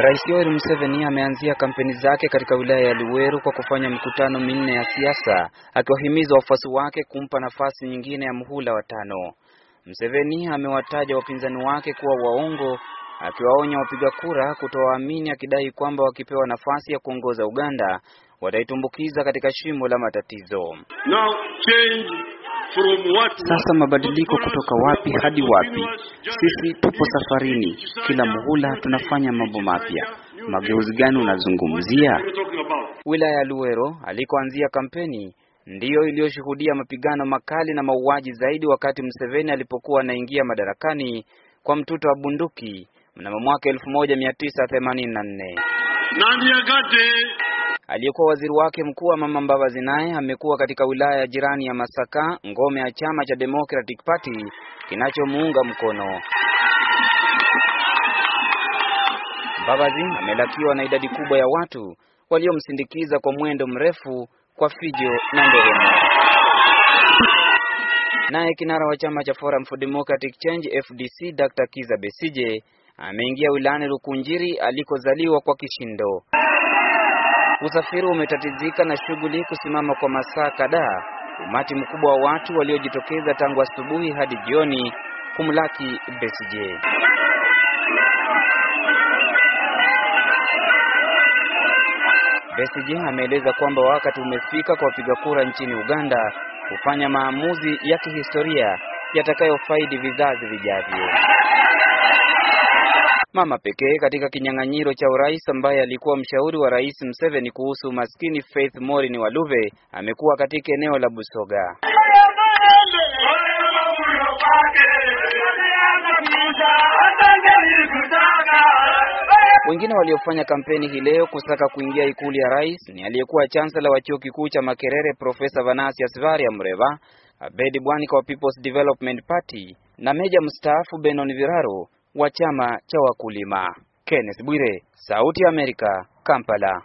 Rais Yoweri Museveni ameanzia kampeni zake katika wilaya ya Luweru kwa kufanya mikutano minne ya siasa akiwahimiza wafuasi wake kumpa nafasi nyingine ya muhula wa tano. Museveni amewataja wapinzani wake kuwa waongo, akiwaonya wapiga kura kutowaamini, akidai kwamba wakipewa nafasi ya kuongoza Uganda wataitumbukiza katika shimo la matatizo. Now, change sasa mabadiliko kutoka wapi hadi wapi? Sisi tupo safarini, kila muhula tunafanya mambo mapya. Mageuzi gani unazungumzia? Wilaya ya Luero alikoanzia kampeni ndiyo iliyoshuhudia mapigano makali na mauaji zaidi wakati mseveni alipokuwa anaingia madarakani kwa mtuto wa bunduki mnamo mwaka 1984. Aliyekuwa waziri wake mkuu wa mama Mbabazi naye amekuwa katika wilaya ya jirani ya Masaka, ngome ya chama cha Democratic Party kinachomuunga mkono. Mbabazi amelakiwa na idadi kubwa ya watu waliomsindikiza kwa mwendo mrefu kwa fijo na nderemo. Naye kinara wa chama cha Forum for Democratic Change FDC Dr. Kiza Besije ameingia wilayani Rukunjiri alikozaliwa kwa kishindo. Usafiri umetatizika na shughuli kusimama kwa masaa kadhaa, umati mkubwa wa watu waliojitokeza tangu asubuhi hadi jioni kumlaki Besigye. Besigye ameeleza kwamba wakati umefika kwa wapiga kura nchini Uganda kufanya maamuzi ya kihistoria yatakayofaidi vizazi vijavyo mama pekee katika kinyang'anyiro cha urais ambaye alikuwa mshauri wa Rais Museveni kuhusu umaskini, Faith Morin Waluve amekuwa katika eneo la Busoga. Wengine waliofanya kampeni hii leo kusaka kuingia ikulu ya rais ni aliyekuwa chansela wa chuo kikuu cha Makerere Profesa Venansius mreva Abedi Bwanika wa People's Development Party na meja mstaafu Benon Viraro wa chama cha wakulima. Kenneth Bwire, Sauti ya Amerika, Kampala.